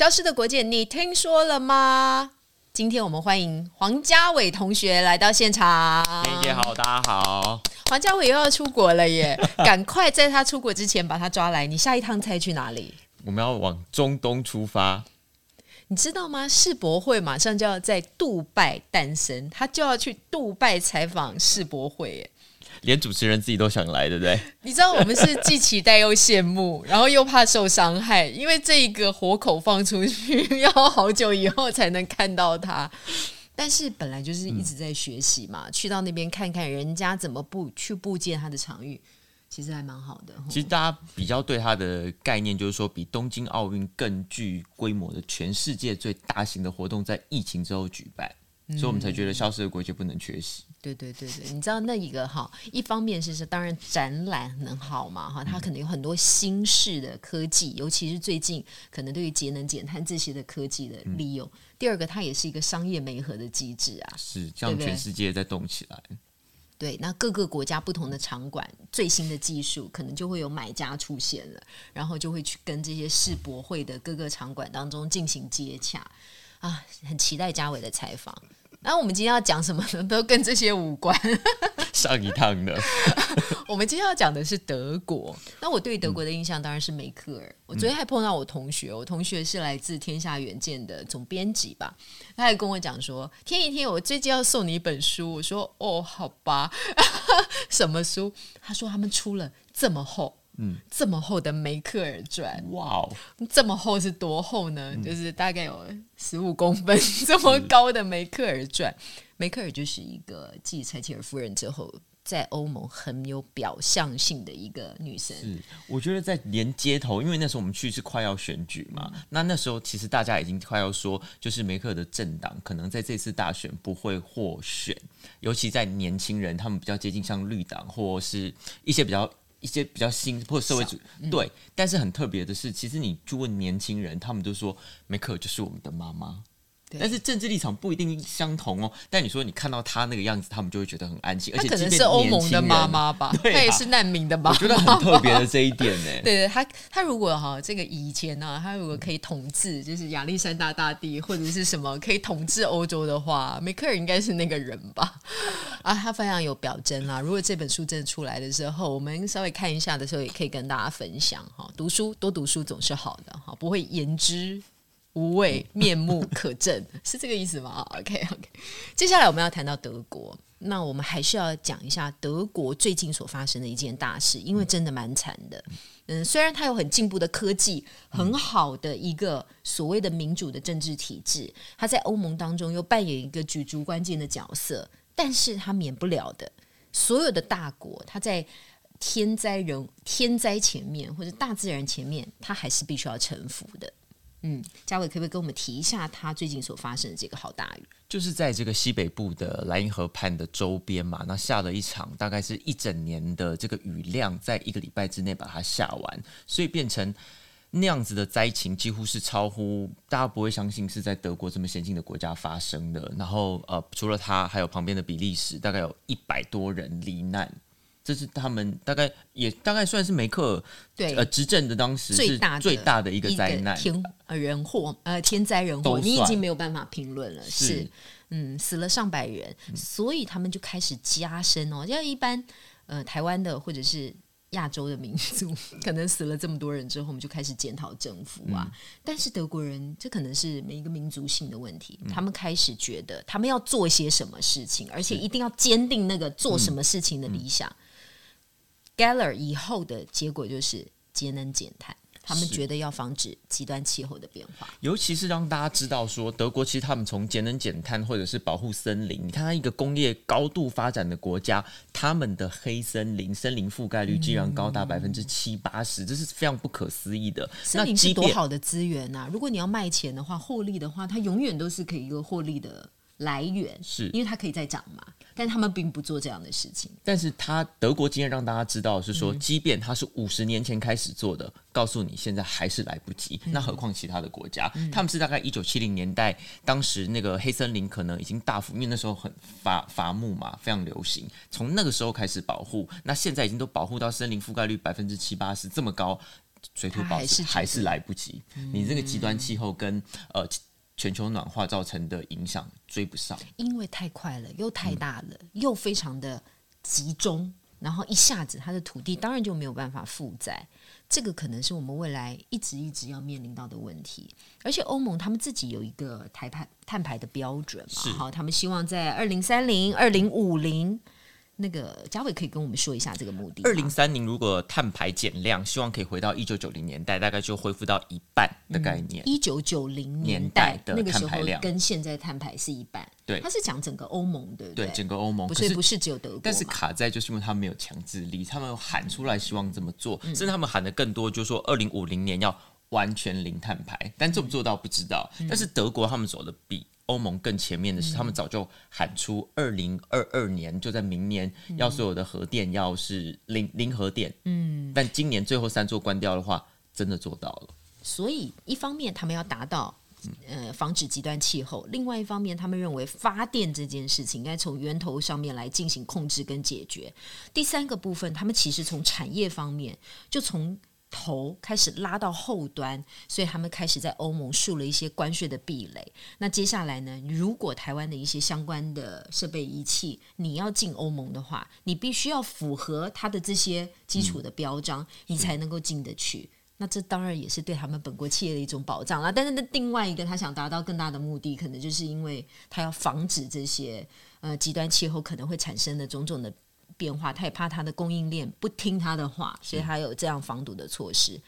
消失的國界，你聽說了嗎？今天我們歡迎黃家偉同學來到現場。林姐，姐好，大家好。黃家偉又要出國了耶！趕 快在他出國之前把他抓來。你下一趟猜去哪裡？我們要往中東出發。你知道嗎？世博會馬上就要在杜拜誕生，他就要去杜拜採訪世博會。連主持人自己都想來，對不對？你知道我們是既期待又羨慕， 然後又怕受傷害，因為這一個活口放出去，要好久以後才能看到他。但是本來就是一直在學習嘛，嗯、去到那邊看看人家怎麼布去布建他的場域，其實還蠻好的。其實大家比較對他的概念就是說，比東京奧運更具規模的全世界最大型的活動，在疫情之後舉辦。所以我們才覺得消失的國界不能缺席，嗯。對對對對，你知道那一個哈，一方面是當然展覽能好嘛哈，它可能有很多新式的科技，嗯、尤其是最近可能對於節能減碳這些的科技的利用，嗯。第二個，它也是一個商業媒合的機制啊，是讓全世界在動起來對對，對，那各個國家不同的場館最新的技術，可能就會有買家出現了，然後就會去跟這些世博會的各個場館當中進行接洽，嗯、啊，很期待嘉偉的採訪。那、啊、我們今天要講什麼呢？都跟這些無關。 上一趟的， 我們今天要講的是德國。那我對德國的印象當然是梅克爾、嗯。我昨天還碰到我同學，我同學是來自天下遠見的總編輯吧，他還跟我講說：“天一，天我最近要送你一本書。”我說：“哦，好吧， 什麼書？”他說：“他們出了這麼厚。”嗯、這麼厚的梅克爾傳，哇、哦，這麼厚是多厚呢？嗯、就是大概有十五公分這麼高的梅克爾傳。梅克爾就是一個繼柴契爾夫人之後，在歐盟很有表象性的一個女神。是、我覺得在連街頭，因為那時候我們去是快要選舉嘛，那那時候其實大家已經快要說，就是梅克爾的政黨可能在這次大選不會獲選，尤其在年輕人，他們比較接近像綠黨或是一些比較。一些比較新或者社會主義、嗯、對，但是很特別的是，其實你去問年輕人，他們都說梅克爾就是我們的媽媽。但是政治立場不一定相同哦。但你說你看到他那個樣子，他們就會覺得很安心。他可能是歐盟的媽媽吧？媽媽吧啊、他也是難民的媽媽。覺得很特別的這一點呢、欸。對，他他如果哈、喔、這個以前呢、啊，他如果可以統治，嗯、就是亞歷山大大帝或者是什麼可以統治歐洲的話，梅克爾應該是那個人吧？啊，他非常有表徵啦。如果這本書真的出來的時候，我們稍微看一下的時候，也可以跟大家分享哈、喔。讀書多讀書總是好的哈、喔，不會言之。無味面目可憎是這個意思嗎？OK OK，接下來我們要談到德國，那我們還是要講一下德國最近所發生的一件大事，因為真的蠻慘的。嗯，雖然它有很進步的科技，很好的一個所謂的民主的政治體制，它在歐盟當中又扮演一個舉足關鍵的角色，但是它免不了的，所有的大國，它在天災人天災前面或者大自然前面，它還是必須要臣服的。嗯，嘉偉可不可以跟我們提一下他最近所發生的這個好大雨？就是在這個西北部的萊茵河畔的周邊嘛，那下了一場，大概是一整年的這個雨量，在一個禮拜之內把它下完，所以變成那樣子的災情，幾乎是超乎大家，不會相信是在德國這麼先進的國家發生的。然後呃，除了他，還有旁邊的比利時，大概有一百多人罹難。這是他們大概也大概算是梅克爾，對呃執政的當時最大的最大的一個災難，個天人呃天人禍呃天災人禍，你已經沒有辦法評論了，是是嗯死了上百人，嗯、所以他們就開始加深哦，要一般呃台灣的或者是亞洲的民族可能死了這麼多人之後我們就開始檢討政府啊，嗯、但是德國人這可能是每一個民族性的問題，嗯，他們開始覺得他們要做些什麼事情，而且一定要堅定那個做什麼事情的理想。嗯嗯嗯 Galer 以後的結果就是節能減碳，他們覺得要防止極端氣候的變化，尤其是讓大家知道說德國其實他們從節能減碳或者是保護森林，你看它一個工業高度發展的國家，他們的黑森林森林覆蓋率竟然高達百分之七八十，這是非常不可思議的。森林是多好的資源吶、啊？如果你要賣錢的話，獲利的話，它永遠都是可以一個獲利的。來源是，因為它可以再長嘛，但他們並不做這樣的事情。但是，他德國經驗讓大家知道是說、嗯，即便他是五十年前開始做的，告訴你現在還是來不及。嗯、那何況其他的國家，嗯、他們是大概一九七零年代，當時那個黑森林可能已經大幅，因為那時候很伐伐木嘛，非常流行。從那個時候開始保護，那現在已經都保護到森林覆蓋率百分之七八十這麼高，水土保持還是、這個、還是來不及、嗯。你這個極端氣候跟呃。全球暖化造成的影響追不上，因為太快了，又太大了、嗯，又非常的集中，然後一下子它的土地當然就沒有辦法負載，這個可能是我們未來一直一直要面臨到的問題。而且歐盟他們自己有一個台排碳排的標準嘛，好，他們希望在二零三零、二零五零。那個嘉偉可以跟我們說一下這個目的。二零三零如果碳排減量，希望可以回到一九九零年代，大概就恢復到一半的概念。一九九零年代，年代的那個時候跟現在碳排是一半。對，他是講整個歐盟的，對，對,對整個歐盟，不是，不是只有德國。但是卡在就是因為他們沒有強制力，他們有喊出來希望這麼做、嗯，甚至他們喊的更多，就是說二零五零年要完全零碳排，但做不做到不知道。嗯、但是德國他們走的比。歐盟更前面的是，嗯、他們早就喊出二零二二年就在明年要所有的核電要是零、嗯、零核電，嗯，但今年最後三座關掉的話，真的做到了。所以一方面他們要達到、嗯、呃防止極端氣候，另外一方面他們認為發電這件事情應該從源頭上面來進行控制跟解決。第三個部分，他們其實從產業方面就從。頭開始拉到後端，所以他們開始在歐盟樹了一些關稅的壁壘。那接下來呢？如果台灣的一些相關的設備儀器，你要進歐盟的話，你必須要符合它的這些基礎的標章，你才能夠進得去。那這當然也是對他們本國企業的一種保障啦。但是，那另外一個他想達到更大的目的，可能就是因為他要防止這些呃極端氣候可能會產生的種種的。變化，他也怕他的供應鏈不聽他的話，所以他有這樣防堵的措施。嗯、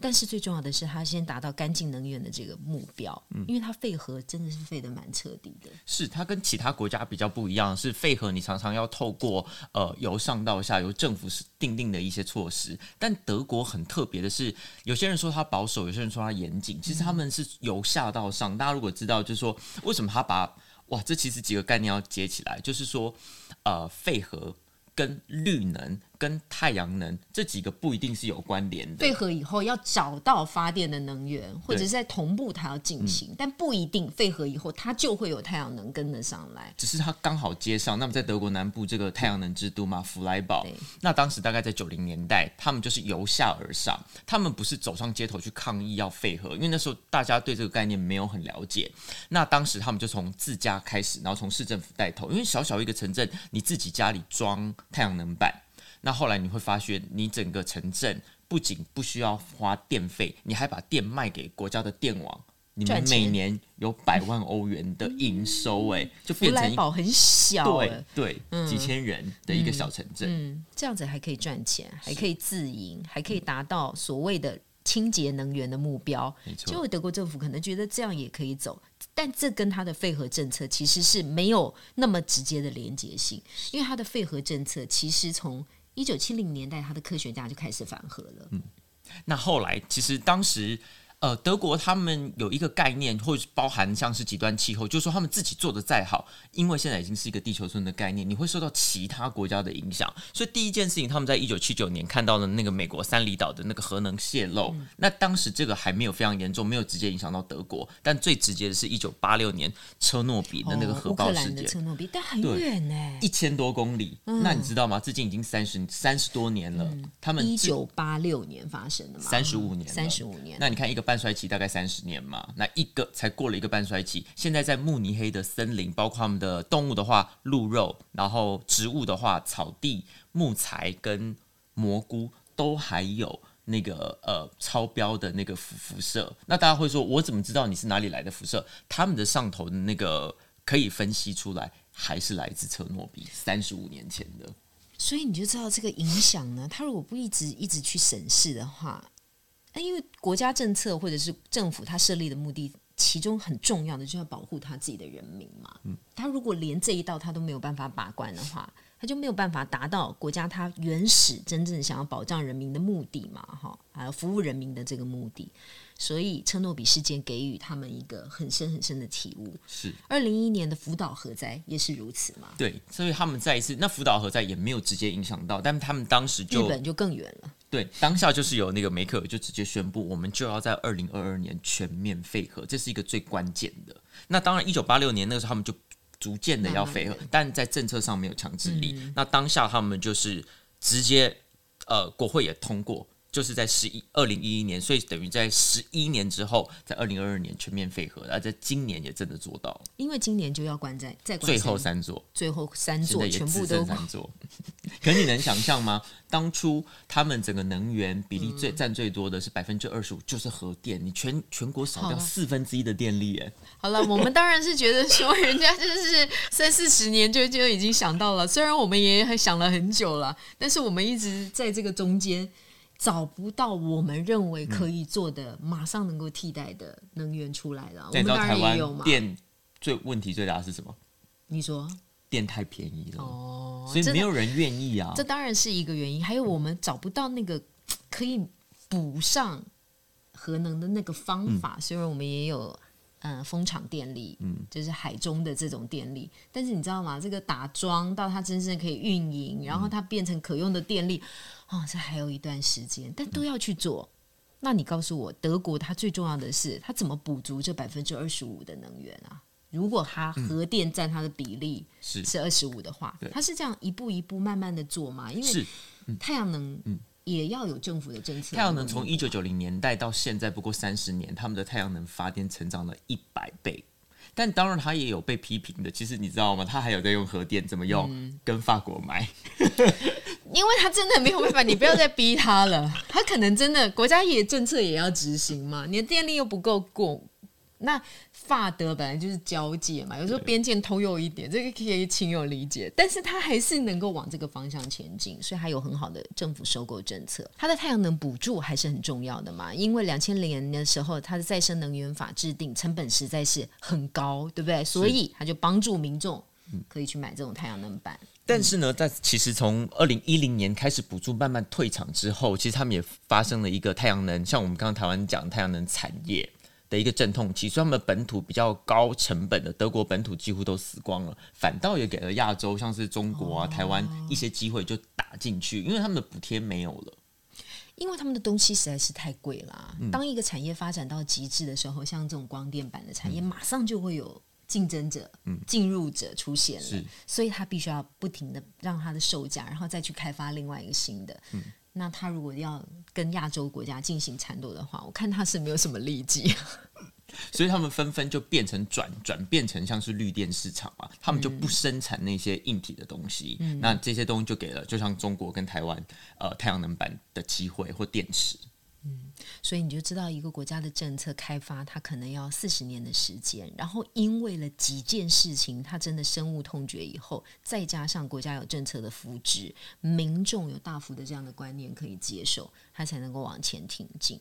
但是最重要的是，他先達到乾淨能源的這個目標，嗯、因為他廢核真的是廢得蠻徹底的。是，他跟其他國家比較不一樣，是廢核你常常要透過呃由上到下由政府是定定的一些措施，但德國很特別的是，有些人說他保守，有些人說他嚴謹，其實他們是由下到上。嗯、大家如果知道，就是說為什麼他把哇，這其實幾個概念要接起來，就是說呃廢核。跟綠能。跟太陽能這幾個不一定是有關聯的。廢核以後要找到發電的能源，或者是在同步它要進行、嗯，但不一定廢核以後它就會有太陽能跟得上來。只是它剛好接上。那麼在德國南部這個太陽能之都嘛，弗萊堡，那當時大概在九零年代，他們就是由下而上，他們不是走上街頭去抗議要廢核，因為那時候大家對這個概念沒有很了解。那當時他們就從自家開始，然後從市政府帶頭，因為小小一個城鎮，你自己家裡裝太陽能板。那後來你會發現，你整個城鎮不僅不需要花電費，你還把電賣給國家的電網，你們每年有百萬歐元的營收，哎，就變成一個很小，對對、嗯，幾千人的一個小城鎮、嗯嗯，這樣子還可以賺錢，還可以自營，還可以達到所謂的清潔能源的目標。結果德國政府可能覺得這樣也可以走，但這跟它的廢核政策其實是沒有那麼直接的連接性，因為它的廢核政策其實從。一九七零年代，他的科學家就開始反核了。嗯，那後來其實當時。呃，德國他們有一個概念，或是包含像是極端氣候，就是、說他們自己做的再好，因為現在已經是一個地球村的概念，你會受到其他國家的影響。所以第一件事情，他們在一九七九年看到了那個美國三里島的那個核能洩漏，嗯。那當時這個還沒有非常嚴重，沒有直接影響到德國。但最直接的是一九八六年車諾比的那個核爆事件，哦、烏克蘭的車諾比，但很遠呢，一千多公里，嗯。那你知道嗎？至今已經三十三十多年了。嗯、他們一九八六年發生的嘛，三十五年，三十五年。那你看一個半。半衰期大概三十年嘛，那一個才過了一個半衰期，現在在慕尼黑的森林，包括他們的動物的話，鹿肉，然後植物的話，草地、木材跟蘑菇都還有那個呃超標的那個輻輻射。那大家會說，我怎麼知道你是哪裡來的輻射？他們的上頭的那個可以分析出來，還是來自車諾比三十五年前的。所以你就知道這個影響呢，他如果不一直一直去審視的話。因為國家政策或者是政府他設立的目的，其中很重要的就是要保護他自己的人民嘛。嗯，他如果連這一道他都沒有辦法把關的話，他就沒有辦法達到國家他原始真正想要保障人民的目的嘛，哈，還有服務人民的這個目的。所以，車諾比事件給予他們一個很深很深的體悟。是，二零一一年的福島核災也是如此嘛？對，所以他們再一次，那福島核災也沒有直接影響到，但他們當時就日本就更遠了。對，當下就是有那個梅克爾就直接宣布，我們就要在二零二二年全面廢核，這是一個最關鍵的。那當然，一九八六年那個時候他們就逐漸的要廢核、嗯，但在政策上沒有強制力、嗯。那當下他們就是直接，呃，國會也通過。就是在十一二零一一年，所以等於在十一年之後，在二零二二年全面廢核，而在今年也真的做到了。因為今年就要關在關最後三座，最後三座全部都關。可是你能想象嗎？當初他們整個能源比例最占 最多的是百分之二十五，就是核電，你全全國少掉四分之一的電力耶。好了，我們當然是覺得說人家就是三四十年就就已經想到了，雖然我們也想了很久了，但是我們一直在這個中間。找不到我們認為可以做的，嗯、馬上能夠替代的能源出來了。我們當然也有嘛，你知道台灣電最問題最大是什麼？你說電太便宜了，哦，所以沒有人願意啊。這當然是一個原因。還有我們找不到那個可以補上核能的那個方法，嗯、雖然我們也有。嗯，風場電力，嗯，就是海中的這種電力，但是你知道嗎？這個打樁到它真正可以運營，然後它變成可用的電力，嗯，哦，這還有一段時間，但都要去做。嗯，那你告訴我，德國它最重要的是它怎麼補足這百分之二十五的能源啊？如果它核電佔它的比例是二十五的話，嗯，它是這樣一步一步慢慢的做嗎？因為是，嗯，太陽能、嗯，也要有政府的政策。太陽能從一九九零年代到現在不過三十年，他們的太陽能發電成長了一百倍，但當然他也有被批評的。其實你知道嗎？他還有在用核電，怎麼用？嗯、跟法國買， 因為他真的沒有辦法。你不要再逼他了， 他可能真的國家也政策也要執行嘛，你的電力又不夠供。那法德本來就是交界嘛，有時候邊界通用一點，這個可以情有理解。但是他還是能夠往這個方向前進，所以他有很好的政府收購政策。他的太陽能補助還是很重要的嘛，因為兩千年的時候他的再生能源法制定成本實在是很高，對不對？所以他就幫助民眾可以去買這種太陽能板，嗯嗯。但是呢，在其實從二零一零年開始補助慢慢退場之後，其實他們也發生了一個太陽能，像我們剛剛台灣講的太陽能產業的一個陣痛期，所以他們本土比較高成本的德國本土幾乎都死光了，反倒也給了亞洲，像是中國啊、哦、台灣一些機會就打進去，因為他們的補貼沒有了，因為他們的東西實在是太貴啦、嗯。當一個產業發展到極致的時候，像這種光電板的產業、嗯，馬上就會有競爭者、進、嗯、入者出現了，所以他必須要不停的讓他的售價，然後再去開發另外一個新的。嗯那他如果要跟亞洲國家進行纏鬥的話，我看他是沒有什麼力氣。所以他們紛紛就變成轉轉變成像是綠電市場嘛，他們就不生產那些硬體的東西。嗯、那這些東西就給了，就像中國跟台灣呃太陽能板的機會或電池。所以你就知道一個國家的政策開發，它可能要四十年的時間。然後因為了幾件事情，它真的深惡痛絕以後，再加上國家有政策的扶植，民眾有大幅的這樣的觀念可以接受，它才能夠往前挺進。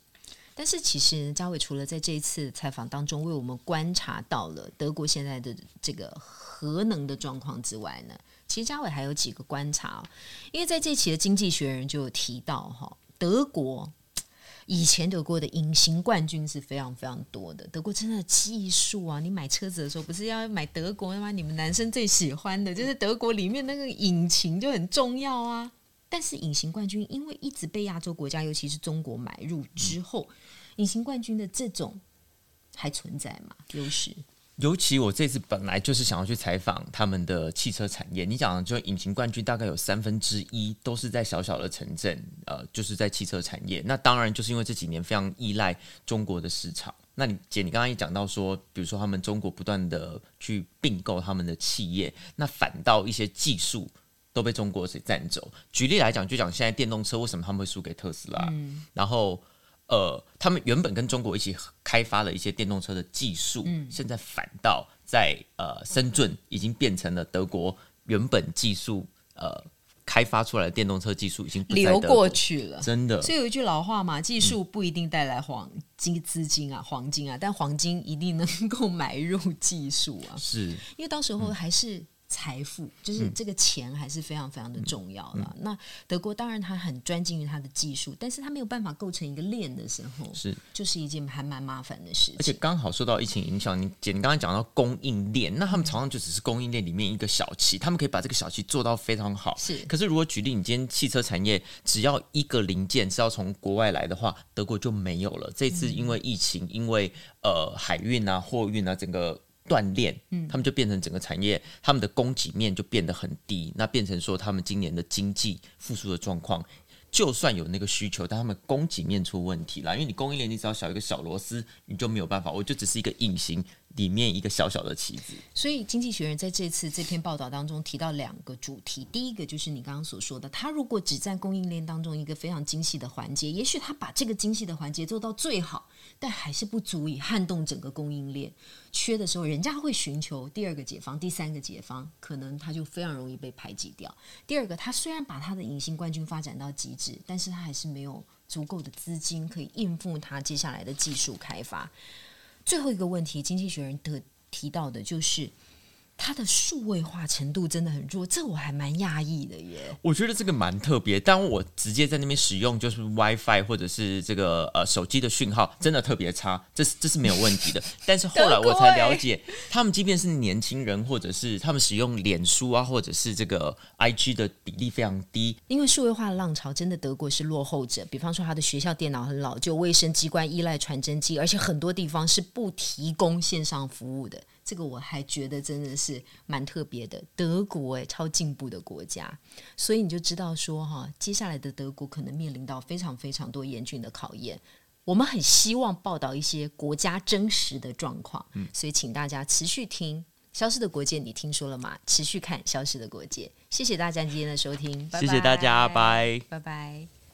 但是其實嘉偉除了在這一次採訪當中為我們觀察到了德國現在的這個核能的狀況之外呢，其實嘉偉還有幾個觀察、哦，因為在這期的《經濟學人》就有提到哈、哦，德國。以前德國的隱形冠軍是非常非常多的，德國真的技術啊！你買車子的時候不是要買德國的嗎？你們男生最喜歡的，就是德國裡面那個引擎就很重要啊。嗯、但是隱形冠軍因為一直被亞洲國家，尤其是中國買入之後，隱、嗯、形冠軍的這種還存在嗎？優勢。尤其我這次本來就是想要去採訪他們的汽車產業。你講的就隱形冠軍大概有三分之一都是在小小的城鎮，呃，就是在汽車產業。那當然就是因為這幾年非常依賴中國的市場。那你姐，你剛剛也講到說，比如說他們中國不斷的去併購他們的企業，那反倒一些技術都被中國所佔走。舉例來講，就講現在電動車為什麼他們會輸給特斯拉？嗯、然後。呃，他們原本跟中國一起開發了一些電動車的技術，嗯，現在反倒在呃，深圳已經變成了德國原本技術呃，開發出來的電動車技術已經流過去了，真的。所以有一句老話嘛，技術不一定帶來黃金資金啊，嗯，黃金啊，但黃金一定能夠買入技術啊，是因為到時候還是。嗯財富就是這個錢還是非常非常的重要了、啊嗯。那德國當然它很專精於它的技術，但是它沒有辦法構成一個鏈的時候，是就是一件還蠻麻煩的事情。而且剛好受到疫情影響，你姐你剛剛講到供應鏈，那他們常常就只是供應鏈裡面一個小，個小企，他們可以把這個小企做到非常好。是，可是如果舉例，你今天汽車產業只要一個零件是要從國外來的話，德國就沒有了。這次因為疫情，因為呃海運啊、貨運啊，整個。鍛鍊，他們就變成整個產業，他們的供給面就變得很低，那變成說他們今年的經濟復甦的狀況，就算有那個需求，但他們供給面出問題了，因為你供應鏈你只要小一個小螺絲，你就沒有辦法，我就只是一個隱形。裡面一個小小的棋子，所以《經濟學人》在這次這篇報道當中提到兩個主題。第一個就是你剛剛所說的，他如果只在供應鏈當中一個非常精細的環節，也許他把這個精細的環節做到最好，但還是不足以撼動整個供應鏈。缺的時候，人家會尋求第二個解方、第三個解方，可能他就非常容易被排擠掉。第二個，他雖然把他的隱形冠軍發展到極致，但是他還是沒有足夠的資金可以應付他接下來的技術開發。最後一個問題，《經濟學人》得提到的就是。它的數位化程度真的很弱，這我還蠻訝異的耶。我覺得這個蠻特別，但我直接在那邊使用就是 WiFi 或者是這個呃手機的訊號，真的特別差。這是這是沒有問題的， 但是後來我才了解，他們即便是年輕人，或者是他們使用臉書啊，或者是這個 IG 的比例非常低。因為數位化的浪潮，真的德國是落後者。比方說，他的學校電腦很老舊，衛生機關依賴傳真機，而且很多地方是不提供線上服務的。這個我還覺得真的是。是蠻特別的，德國誒、欸，超進步的國家，所以你就知道說哈，接下來的德國可能面臨到非常非常多嚴峻的考驗。我們很希望報道一些國家真實的狀況、嗯，所以請大家持續聽《消失的國界》，你聽說了嗎？持續看《消失的國界》，謝謝大家今天的收聽，拜拜，謝謝大家，拜拜，拜拜。